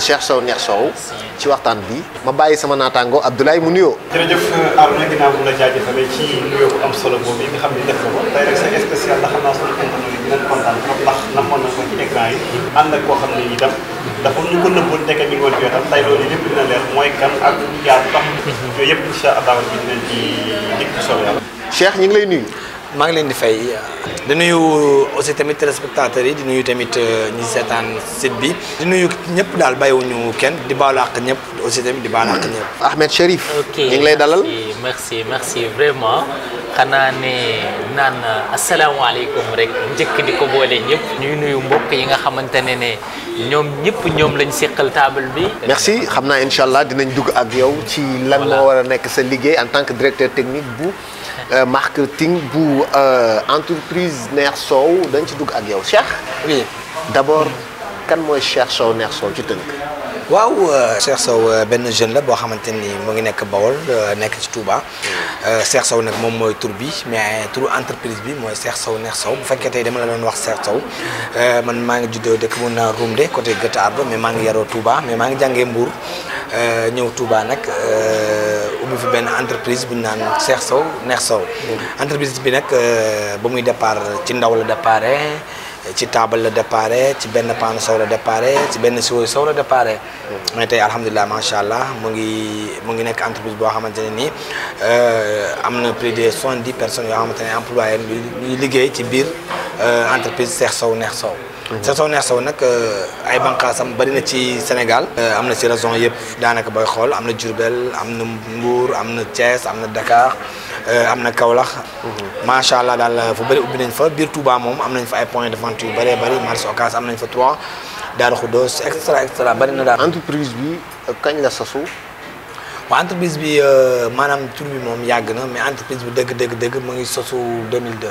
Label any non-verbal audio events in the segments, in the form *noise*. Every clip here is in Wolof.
Cheikh Sow Neex Sow ci waxtaan bi ma bàyyi sama naataango Abdoulaye mu nuyoo. jërëjëf Arona ginnaaw bu la jaajëfalee nuyoo bu solo boobu xam ne def nga ndax xam naa suñu na ko ci écran yi ànd ak koo xam ne ñi def ñu ngi loolu lépp dina leer mooy kan ak jaar tax yëpp incha allah bi dinañ ci dikk solo yàlla Cheikh ñu ngi lay nuyu maa ngi leen di fay euh, di nuyu aussi tamit téléspectateurs yi di nuyu tamit euh, ñi seetaan site bi di nuyu ñëpp daal bàyyiwuñu kenn di baalu àq ñëpp aussi tamit di baalu àq ñëpp. Ahmed Chérif. ok ñu ngi lay dalal. merci merci vraiment. xanaa ne naan asalaamaaleykum rek njëkk di ko boole ñëpp. ñuy nuyu mbokk yi nga xamante ne ne ñoom ñëpp ñoom lañ seqal table bi. merci xam naa incha allah dinañ dugg ak yow. ci lan moo war a nekk sa liggéey en tant que directeur technique bu. *laughs* Euh, marketing bu euh, entreprise Neex Soow dañ ci dugg ak yow Cheikh. oui abord kan mooy Cheikh Soow Neex Soow ci tënk. waaw euh, Cheikh saw euh, benn jeune la boo xamante nii mu ngi nekk Bawol euh, nekk ci Touba mm. Cheikh Sow nag moom mooy tur bi mais turu entreprise bi mooy Cheikh saw Neex saw bu fekkee tey dama la doon wax Cheikh Sow man maa ngi juddoo dëkk bu naa Rumde côté Gët Ardo mais maa ngi yaroo Touba mais maa ngi jàngee Mbour ñëw Touba nag ubbi fi benn entreprise bu ñu naan Cheikh Sow Neex Sow mm. bi nag ba muy départ ci ndaw la départ ci taabal la déparé ci benn paanu sow la déparé ci benn siwo sow la déparé hmm. mais tey alhamdulilah macha allah mu ngi mu ngi nekk entreprise boo xamante ne nii euh, am na plus de soixante di personnes yoo xamante ne employé ñuy liggéey ci biir euh, entreprise Cheikh Sow Nekh Sow hmm. Cheikh Sow Nekh Sow nag euh, ay banqaasam bari na ci Sénégal am na ci région yëpp daanaka booy xool am na Diourbel am na Mbour am na Thiès am na Dakar Euh, am na Kaolack. macha allah daal euh, fu bëri ubbi nañ fa biir Touba moom am nañ fa ay points de vente yu bëree bëri marché Ocass am nañ fa trois Darou Khoudoss extra extra bëri na daal. entreprise bi euh, kañ la sasu. waaw entreprise bi maanaam tur bi moom yàgg na mais entreprise bi dëgg dëgg dëgg mu ngi sosu 2002.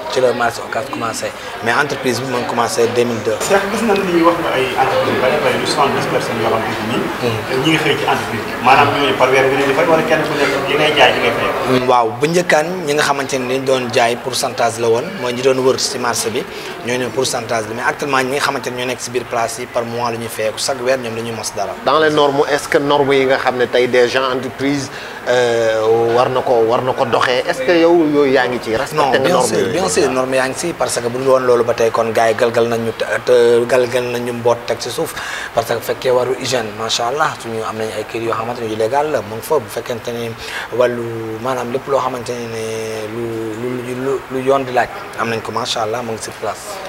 ci la marché Ocass commencé mais entreprise bi mu ngi commencé 2002. Cheikh gis nga hmm. xëy ci entreprise bi. maanaam ñooñu par weer bi leen hmm, ñi nga xamante ni dañ doon jaay pourcentage la woon mooy ñi doon wër si marché bi ñooy ne pourcentage bi mais actuellement ñi nga xamante ni ñoo nekk si biir place yi par mois la ñuy fayeeku chaque weer ñoom dañuy mos dara. dans les normes est-ce que normes yi nga xam ne tey des gens entreprise Euh, war na ko war na ko doxe est-ce que yow yooyu yaa ngi ci respecté nga norme non yaa ngi si parce que bu dul woon loolu ba tey kon gars yi galgal nañu galgal nañu mboot teg si suuf parce que bu fekkee waru hygiène macha allah suñu am nañu ay kër yoo xamante ni illégal la mu ngi fa bu fekkente ni wàllu maanaam lépp loo xamante ni ne lu lu lu yoon di laaj am nañ ko macha allah mu ngi si place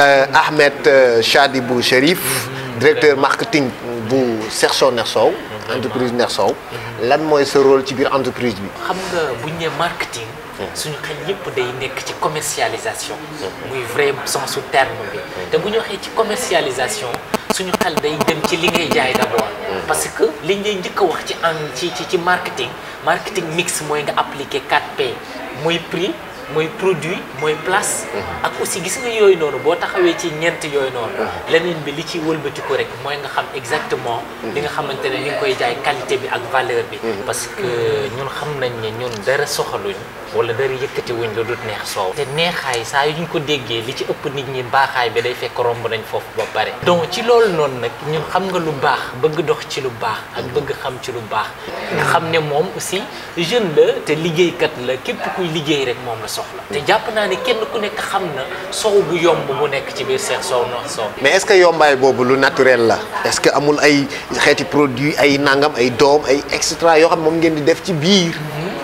euh, Ahmed euh, Chadibou Chérif mhm. directeur marketing bu Section Nersoow mhm. entreprise Nersoow mhm. lan moy ce rôle ci biir entreprise bi. xam nga buñ né marketing. Hmm. suñu xel yëpp day nekk ci commercialisation. Hmm. muy vrai sens su terme bi. Hmm. te bu ñu waxee ci commercialisation. suñu xel day dem ci li ngay jaay d'abord. parce que li lay njëkk wax ci ci ci marketing. marketing mix mooy nga appliquer 4P muy prix moy produit moy place. Mhm. ak aussi gis nga yoy noonu bo taxawé ci ñent yoy noonu. Mhm. leneen bi li ci ko rek moy nga xam exactement. Mhm. li nga xamante ne koy jaay qualité bi ak valeur bi. parce que ñun xam nañ ne ñun dara soxaluñ. wala dara yëkkati wuñ lu dul neex soow te neexaay saa yu ñu ko déggee li ci ëpp nit ñi baaxaay bi day fekk romb nañ foofu ba pare donc ci loolu noonu nag ñun xam nga lu baax bëgg dox ci lu baax ak bëgg xam ci lu baax nga xam ne moom aussi jeune la te liggéeykat la képp kuy liggéey rek moom la soxla te jàpp naa ne kenn ku nekk xam na soow bu yomb mu nekk ci biir Cheikh Sow Noor Sow mais est-ce que yombaay boobu lu naturel la est-ce que amul ay xeeti produit ay nangam ay doom ay et yoo xam moom ngeen di def ci biir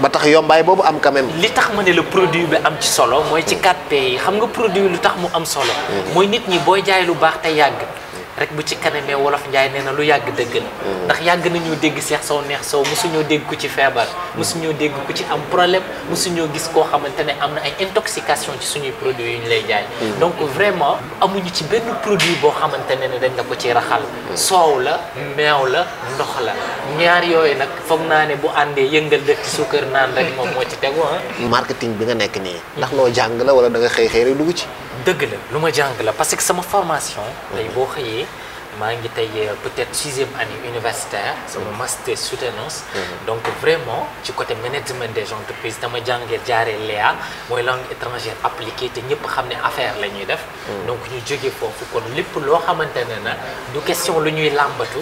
ba tax yombaay boobu am ka même. li tax ma ne la produit bi am ci solo mooy ci 4P yi xam nga produit lu tax mu am solo. Mm. mooy nit ñi booy jaay lu baax te yàgg. rek bu ci kanamee wolof njaay nee na lu yàgg dëgg la mm. ndax yàgg nañu dégg seex sow neex sow mosuñoo dégg ko ci feebar mm. mosuñoo dégg ko ci am problème mosuñoo gis koo xamante ne am na ay intoxication ci suñuy produit yu ñu lay jaay mm. donc vraiment amuñu ci benn produit boo xamante ne ne dañ la ko ci raxal soow la meew la ndox la ñaar yooyu nag foog naa ne bu àndee yëngal dëkk suukar naan rek moom moo ci tegu ah marketing bi nga nekk nii ndax loo jàng la wala da nga xëy ci dëgg la lu la parce que sama formation. tey bo xeyé maa ngi euh, peut-être sixième année universitaire c'est sama mm-hmm. master soutenance mm-hmm. donc vraiment ci côté management des entreprises dama jàngé jaaree léa mooy langue étrangère appliquée te ñëpp xam ne affaire la ñuy def mm-hmm. donc ñu jógee foofu kon lépp loo xamante ne na du question lu ñuy làmbatu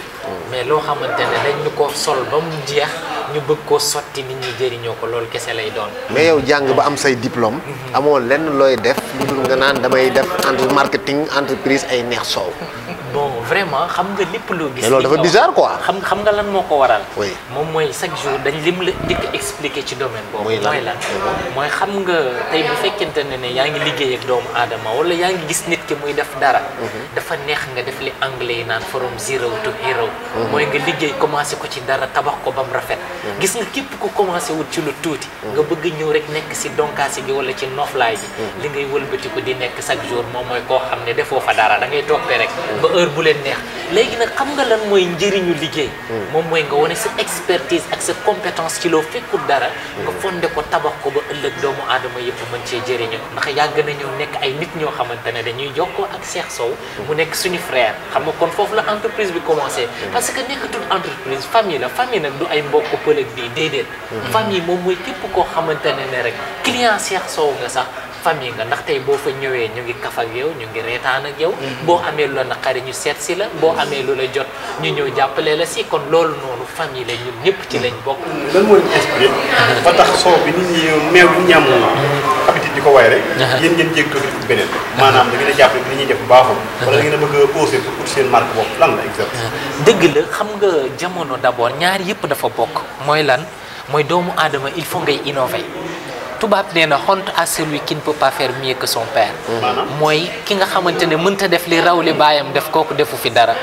mais loo xamante ne dañ ñu ko sol ba mu jeex ñu bëgg koo sotti nit ñi jëriñoo ko loolu kese lay doon mais yow jàng ba am say diplôme amoo lenn looy def lu dul nga naan damay def entre marketing entreprise ay neex soow bon vraiment xam nga lépp loo gis. mais loolu dafa bizarre quoi. xam xam nga lan moo ko waral. oui moom mooy chaque jour dañ lim la njëkk expliqué ci domaine boobu. mooy lan mooy xam nga tey bu fekkente ne ne yaa ngi liggéey ak doomu aadama wala yaa ngi gis nit ki muy def dara mhm. dafa neex nga def li anglais yi naan from zero to hero mhm. mooy nga liggéey commencé ko ci dara tabax ko ba mu rafet mhm. gis nga képp ku commencé wut ci lu tuuti nga bëgg ñëw rek nekk si donkaasi gi wala ci noflaay bi li ngay wëlbati ko di nekk chaque jour moom mooy koo xam ne defoo fa dara da ngay toppee rek ba heure bu leen neex léegi nag xam nga lan mooy njëriñu liggéey moom mooy nga wane sa expertise ak sa compétence ci loo fekkul dara nga fonde ko tabax ko ba ëllëg doomu aadama yëpp mën cee jëriñu ndax yàgg nit ñoo xamante ne dañuy jokkoo ak Cheikh Sow mu nekk suñu frère xam nga kon foofu la entreprise bi commencé mm. parce que nekkatul entreprise famille la famille nag du ay mbokk pëlëg bii déedéet mm. famille moom mooy képp koo xamante ne rek client Cheikh Sow nga sax famille nga ndax tey boo fa ñëwee ñu ngi kaf ak yow ñu ngi reetaan ak yow mm-hmm. boo amee lu la naqari ñu seet si la boo amee lu la jot ñu ñëw jàppale la si kon loolu noonu famille la ñun ñëpp ci lañ bokk mm. ba tax soow bi nit ñi meew ñu ñàmm di ko way rek yéen la dëgg la xam nga jamono d'abord ñaar yëpp dafa bokk mooy lan mooy doomu aadama il faut ngay innover tubaab nee na honte à celui qui ne peut pas faire son père mooy ki nga xamante ne mënta def li raw li baayam def kooku defu fi dara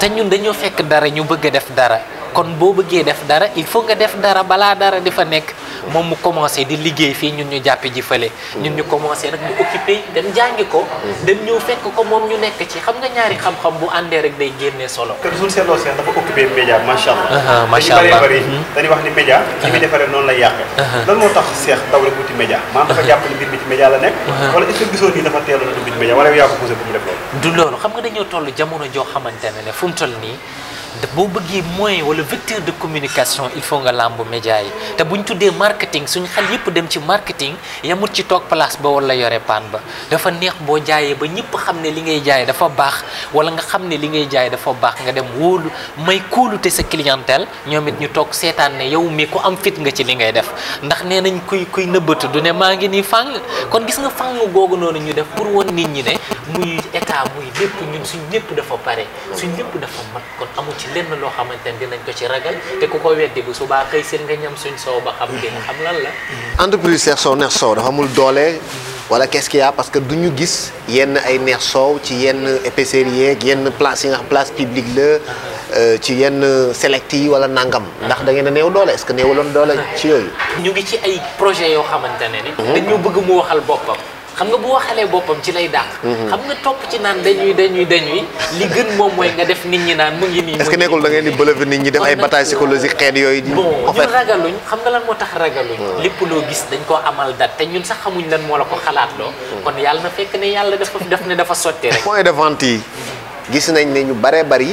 te ñun dañoo fekk dara ñu bëgg a def dara kon boo bëggee def dara il faut nga def dara balaa dara dafa nekk moom mu commencé di liggéey fii ñun ñu jàpp ji fële ñun ñu commencé rek ñu occupé dem ko dem ñëw fekk ko moom ñu nekk ci xam nga ñaari xam bu àndee rek day solo kër suñu seetloo seen dafa occupé média macha hmm. wax ni média ci muy defaree noonu lay yàqe tax seex daw rek wuti média maanaam dafa mbir mi média la nekk wala est-ce que gisoon nii dafa teeloon bu mu def loolu xam nga dañoo toll jamono joo xamante ne ne fu mu toll nii boo bëggee moyen wala vecteur de communication il faut nga làmb média yi te bu ñu tuddee marketing suñu xel yëpp dem ci marketing yamut ci toog place ba wala yore paan ba dafa neex boo jaayee ba ñëpp xam ne li ngay jaay dafa baax wala nga xam ne li ngay jaay dafa baax nga dem wóolu may kóolute sa clientèle ñoom it ñu toog seetaan ne yow mi ku am fit nga ci li ngay def ndax nee nañ kuy kuy nëbbatu du ne maa ngi nii fàng kon gis nga fan googu noonu ñu def pour woon nit ñi ne muy ya état muy lépp ñun suñ lépp dafa pare suñ lépp dafa mat kon amu ci lenn loo xamante ne dinañ ko ci ragal te ku ko weddi bu subaa xëy seen nga ñam suñ soow xam ngeen xam lan la entreprise seex soow neex soow dafa amul doole wala qu'est-ce qu'il y a parce que duñu gis yenn ay neex soow ci yenn épicerie yenn place yi place publique le, eh, ci yenn eh, select wala nangam ndax da ngeen néew doole est ce que néewuloon doole ci yooyu ñu ngi ci ay projet yoo xamante ne ni dañu bëgg mu waxal boppam xam nga bu waxalee boppam ci lay dàq. Mhm. xam nga topp ci naan dañuy dañuy dañuy li gën moom mooy nga def nit ñi naan mu ngi nii. est-ce que nekkul da ngeen di bëlëfi nit ñi def ay bataille psychologique xeet yooyu. bon ñun ragaluñ xam nga lan moo tax ragaluñ. Hmm. lépp loo gis dañ ko amal dat te ñun sax xamuñ lan moo la ko xalaat loo. Hmm. kon yàlla na fekk ne yàlla dafa def ne dafa sottee rek. point de vente yi hmm. gis nañ ne ñu baree bari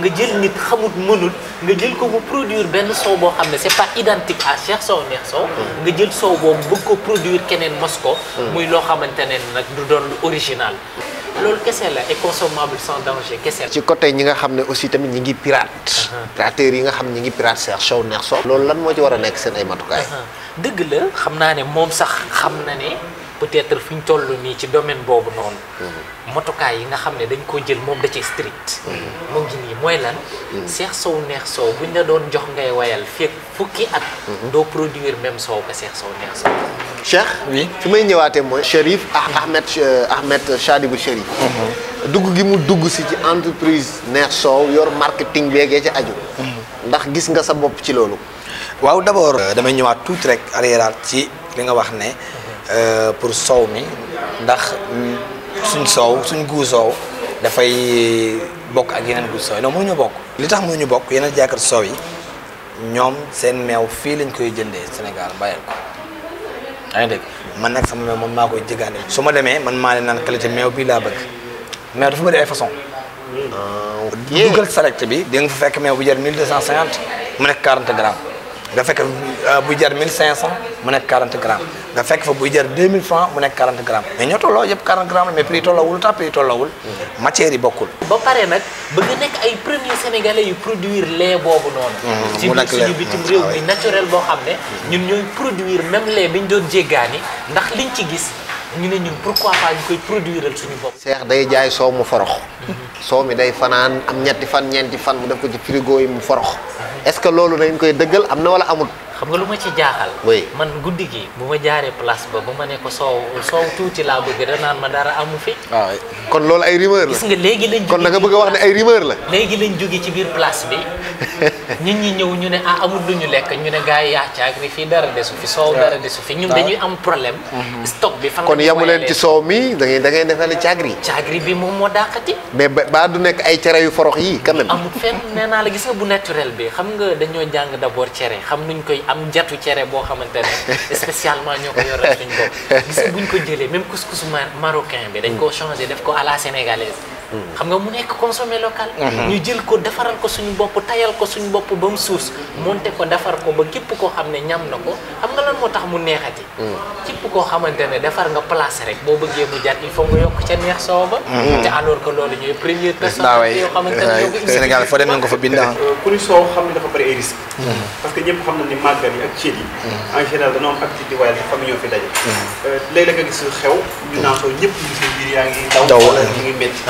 nga jël nit xamut mënul nga jël ko mu produire benn soow boo xam ne c'est pas identique à Cheikh Sow Neex Sow mm. nga jël soow boobu ko produire keneen mos mm. muy loo xamante ne nag du doon original loolu kese la et consommable sans danger kese la. ci côté ñi nga xam ne aussi tamit ñi ngi pirate. Uh-huh. pirateur yi nga xam ñi ngi pirate Cheikh Sow Neex Sow. loolu lan moo ci war nekk seen ay matukaay. Uh-huh. dëgg la xam naa ne moom sax xam na ne. peut-être fiñ tollu ni ci domaine bobu non mm-hmm. motoka yi nga xamné dañ ko jël mom da ci street mo mm-hmm. ngi ni moy lan cheikh mm-hmm. sow neex sow buñ la doon jox ngay wayal fek fukki at do produire même sow ka cheikh sow neex sow cheikh oui fi may moy cherif ah, ahmed euh, ahmed shadibou cherif dugg gi mu dugg ci ci entreprise neex sow yor marketing bege ya ci aju ndax gis nga sa bop ci lolu waaw d'abord euh, dama ñëwaat tout rek arrière ci li nga wax ne Euh, pour soow mi ndax suñ soow suñ guu soow dafay bokk ak yeneen guu soow non ñu bokk li tax ñu bokk yeneen jàkkat soow yi ñoom seen meew fii lañ koy jëndee Sénégal bàyyil ko yaa ngi dégg man nag sama meew man maa koy jëgaane su ma demee man maa leen naan qualité meew bii laa bëgg meew dafa bëri ay façon ah, dugal select bi di nga fa fekk meew bu jar mille deux cent mu nekk quarante grammes nga fekk euh, buy jar cent mu nekk 40 gramme nga fekk fa buy jar 2000 francs mu nekk 40 grammes mais ñoo tolloo yëpp 40 grammes mais prix yi tolloowul tàpp yi tolloowul matière yi bokkul. ba pare nag bëgg nekk ay premiers sénégalais yu produire lait boobu noonu. Mm-hmm. mu nekk ci suñu bitim réew ah, mi naturel boo xam ne. ñun ñooy produire même lait bi ñu doon jéggaani ndax li liñ ci gis. ñu ne ñun pourquoi pas koy produire suñu bopp. seex day jaay soow mu forox. soow mi day fanaan am ñetti fan ñeenti fan mu def ko ci frigo yi mu forox. est-ce que loolu dañ koy dëggal am na wala amut. xam nga lu ma ci jaaxal man guddi gi bu ma jaaree place ba bu ma ne ko soow soow tuuti laa bëgg da naan ma dara amu fi waaw ah, kon loolu ay rumeur la gis nga léegi lañ kon da nga bëgg a wax ne ay rumeur la *laughs* léegi lañ jóge ci biir place bi *laughs* nit ñi ñëw ñu ne ah amul lu ñu lekk ñu ne gars yi yaa ah, caag ni fii dara desu fi soow dara desu fi ñun dañuy am problème mhm. stock bi fan kon yamu leen ci soow mi da ngay da ngay defee ne caagri caagri bi moom moo daqati. mais ba du nekk ay cere yu forox yi quand même amul fenn nee naa la gis nga bu naturel bi xam nga dañoo jàng d'abord cere xam nuñ koy am jatu cere boo xamante ne spécialement ñoo ko yor suñ bopp gis buñ ko jëlee même couscous marocain bi dañ koo changé def ko à la xam nga mu nekk consommé local. ñu jël ko defaral ko suñu bopp tayal ko suñu bopp ba mu moom monte ko defar ko ba képp koo xam ne ñam na ko xam nga lan moo tax mu neexati. Hmm. képp koo xamante ne defar nga place rek boo bëggee mu jar il faut nga yokk ca neex soo ba. Hmm. te alors que loolu ñooy première personne. yoo xamante ko fa bind ku ni soow xam ne hmm. que ñëpp xam na ni màggal yi ak ceet yi. en général fi daje. Euh, léeg-léeg nga gis xew ñu naan soo ñëpp gis biir yaa ngi daw wala ñu ngi métti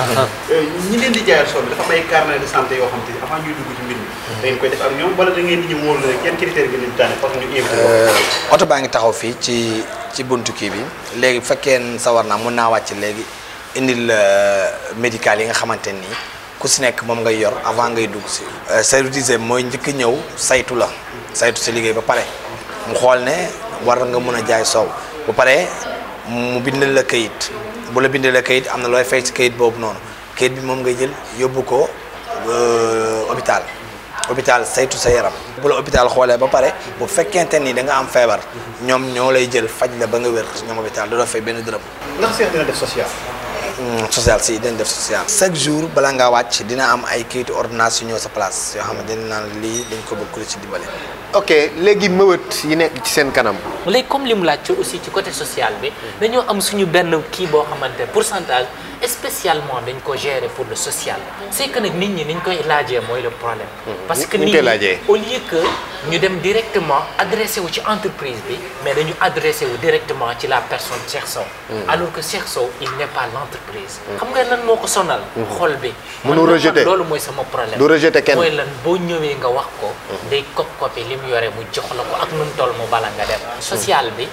Euh, ñi leen di hmm. euh, oto baa ngi taxaw fii ci ci buntu kii bi léegi bu fekkee sawar naa mun naa wàcc léegi indil euh, médical yi nga xamante nii ku si nekk moom ngay yor avant ngay dugg si service mooy njëkk ñëw saytu la saytu sa liggéey ba pare mu xool ne war nga mën a jaay soow ba pare mu bindal la kayit bu la bindal la kayit am na looy fay si kayit boobu noonu kayit bi moom ngay jël yóbbu ko euh, hôpital hôpital saytu sa yaram bu la hôpital xoolee ba pare bu fekkente ni danga am feebar ñoom ñoo lay jël faj la ba nga wér ñoom hôpital du la fay benn dërëm ndax Cheikh Mm, social si dañ def social jour bala ngaa wàcc dina am ay kayitu ordonnance yu ñëw sa place yoo xam ne dañ naan lii dañ ko bëgg ku ci dimbale. ok léegi mëwët yi nekk ci seen kanam. léegi comme li mu laajte aussi ci côté social bi dañoo am suñu benn kii boo xamante pourcentage spécialement dañ ko gérer pour le social c'est que nag nit ñi niñ koy laajee mooy le problème. Hmm, parce que nit ñi au lieu que. ñu dem directement adressé wu ci entreprise bi mais dañu adressé wu directement ci la personne Cheikh Sow hmm. alors que Cheikh Sow il n'est pas l'entreprise xam nga lan moo ko sonal hmm. xol bi mënu rejeté loolu mooy sama problème du rejeté kenn mooy lan boo ñëwee nga wax ko hmm. day cop copé li mu yore mu jox la ko ak nu mu toll mu bala nga dem social bi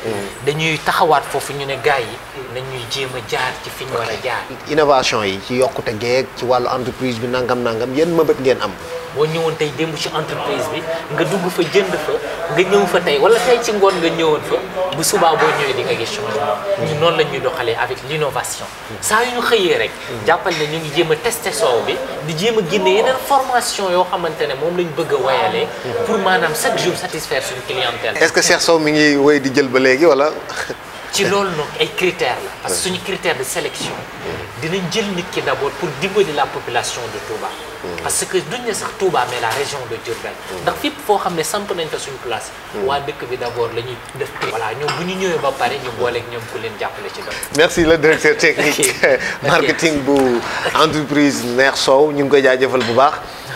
dañuy taxawaat foofu ñu ne gars yi nañuy jéem a jaar ci fi ñu war a jaar innovation yi ci yokkute geeg ci wàllu entreprise bi nangam nangam yéen mëbët ngeen am boo ñëwoon tey démb ci entreprise bi nga dugg fa fa jënd fa nga ñëw fa tey wala tey ci ngoon nga ñëwoon fa bu subaa boo ñëwee di nga gis changement ñu noonu la ñuy doxalee avec l'innovation saa yu ñu xëyee rek jàppal ne ñu ngi jéem a testé soow bi di jéem a génne yeneen formation yoo xamante ne moom lañ bëgg a wayalee pour maanaam chaque jour satisfaire suñu clientèle est-ce que Cheikh Sow mi ngi wéy di jël ba léegi wala ci loolu ay critères parce que suñu critère de sélection dinañ jël nit ki d'abord pour dimbali la population de Touba parce que duñ ne sax Touba mais la région de Diourbel ndax fépp foo xam ne samp nañ fa suñu place waa dëkk bi d'abord la def voilà ñoom bu ñu ñëwee ba pare ñu booleeg ñoom ku leen jàppale ci doon merci le directeur *laughs* technique *laughs* marketing bu entreprise Neex Sow ñu ngi koy bu baax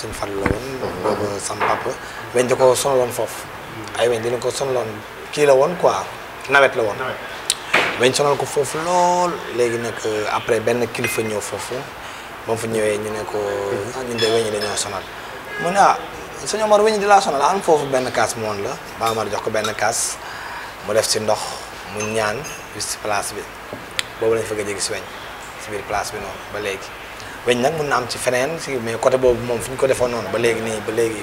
suñ fan la woon boobu sama papa weñ da ko sonaloon foofu ay weñ dina ko sonaloon kii la woon quoi nawet la woon weñ sonal ko foofu lool léegi nag euh, après benn kilifa ñëw foofu moom mu fa ñëwee ñu ne ko mhm. ah, ñun ko weñ yi dañoo sonal mu ne ah sëñ Omar weñ di laa sonal am ah, foofu benn kaas mu la ba Omar jox ko benn kaas mu def si ndox mu ñaan juste bi boobu lañ fa gëj a gis weñ si biir place bi noonu ba léegi weñ nag mun na am ci feneen si mais côté boobu moom fi ñu ko defoon noonu ba léegi nii ba léegi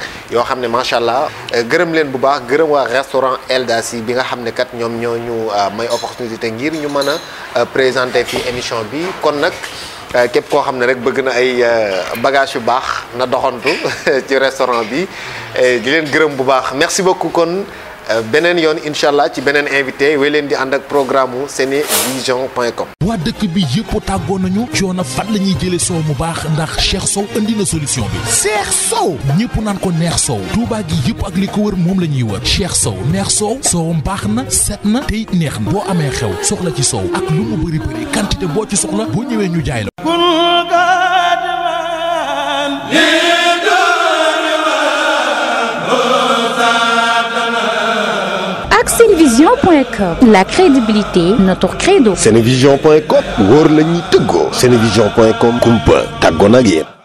yo xamné machallah macha allah euh, gërëm leen bu baax gërëm wa restaurant Eldasi, bi nga xamné kat ñom ñoo ñu euh, may opportunité ngir ñu mëna euh, présenter fi émission bi kon nak képp ko xamné rek bëgg na ay bagage yu baax na doxantu *laughs* ci restaurant bi di leen gërëm bu baax merci beaucoup kon. Euh, beneen yoon incha allah ci beneen invité wéy leen di ànd ak programme mu senevision point waa dëkk bi yëpp tàggoo nañu coono fan la ñuy jëlee soow mu baax ndax Cheikh Sow indi na solution bi. Cheikh Sow ñëpp naan ko neex soow Touba gi yëpp ak li ko wër moom la ñuy wër Cheikh Sow neex soow soowam baax na set na te neex na boo amee xew soxla ci soow ak lu mu bëri bëri boo ci soxla boo ñëwee ñu jaay la. La crédibilité, notre credo. Senevision.com, World Senevision.com, Kumpa, Tagonagien.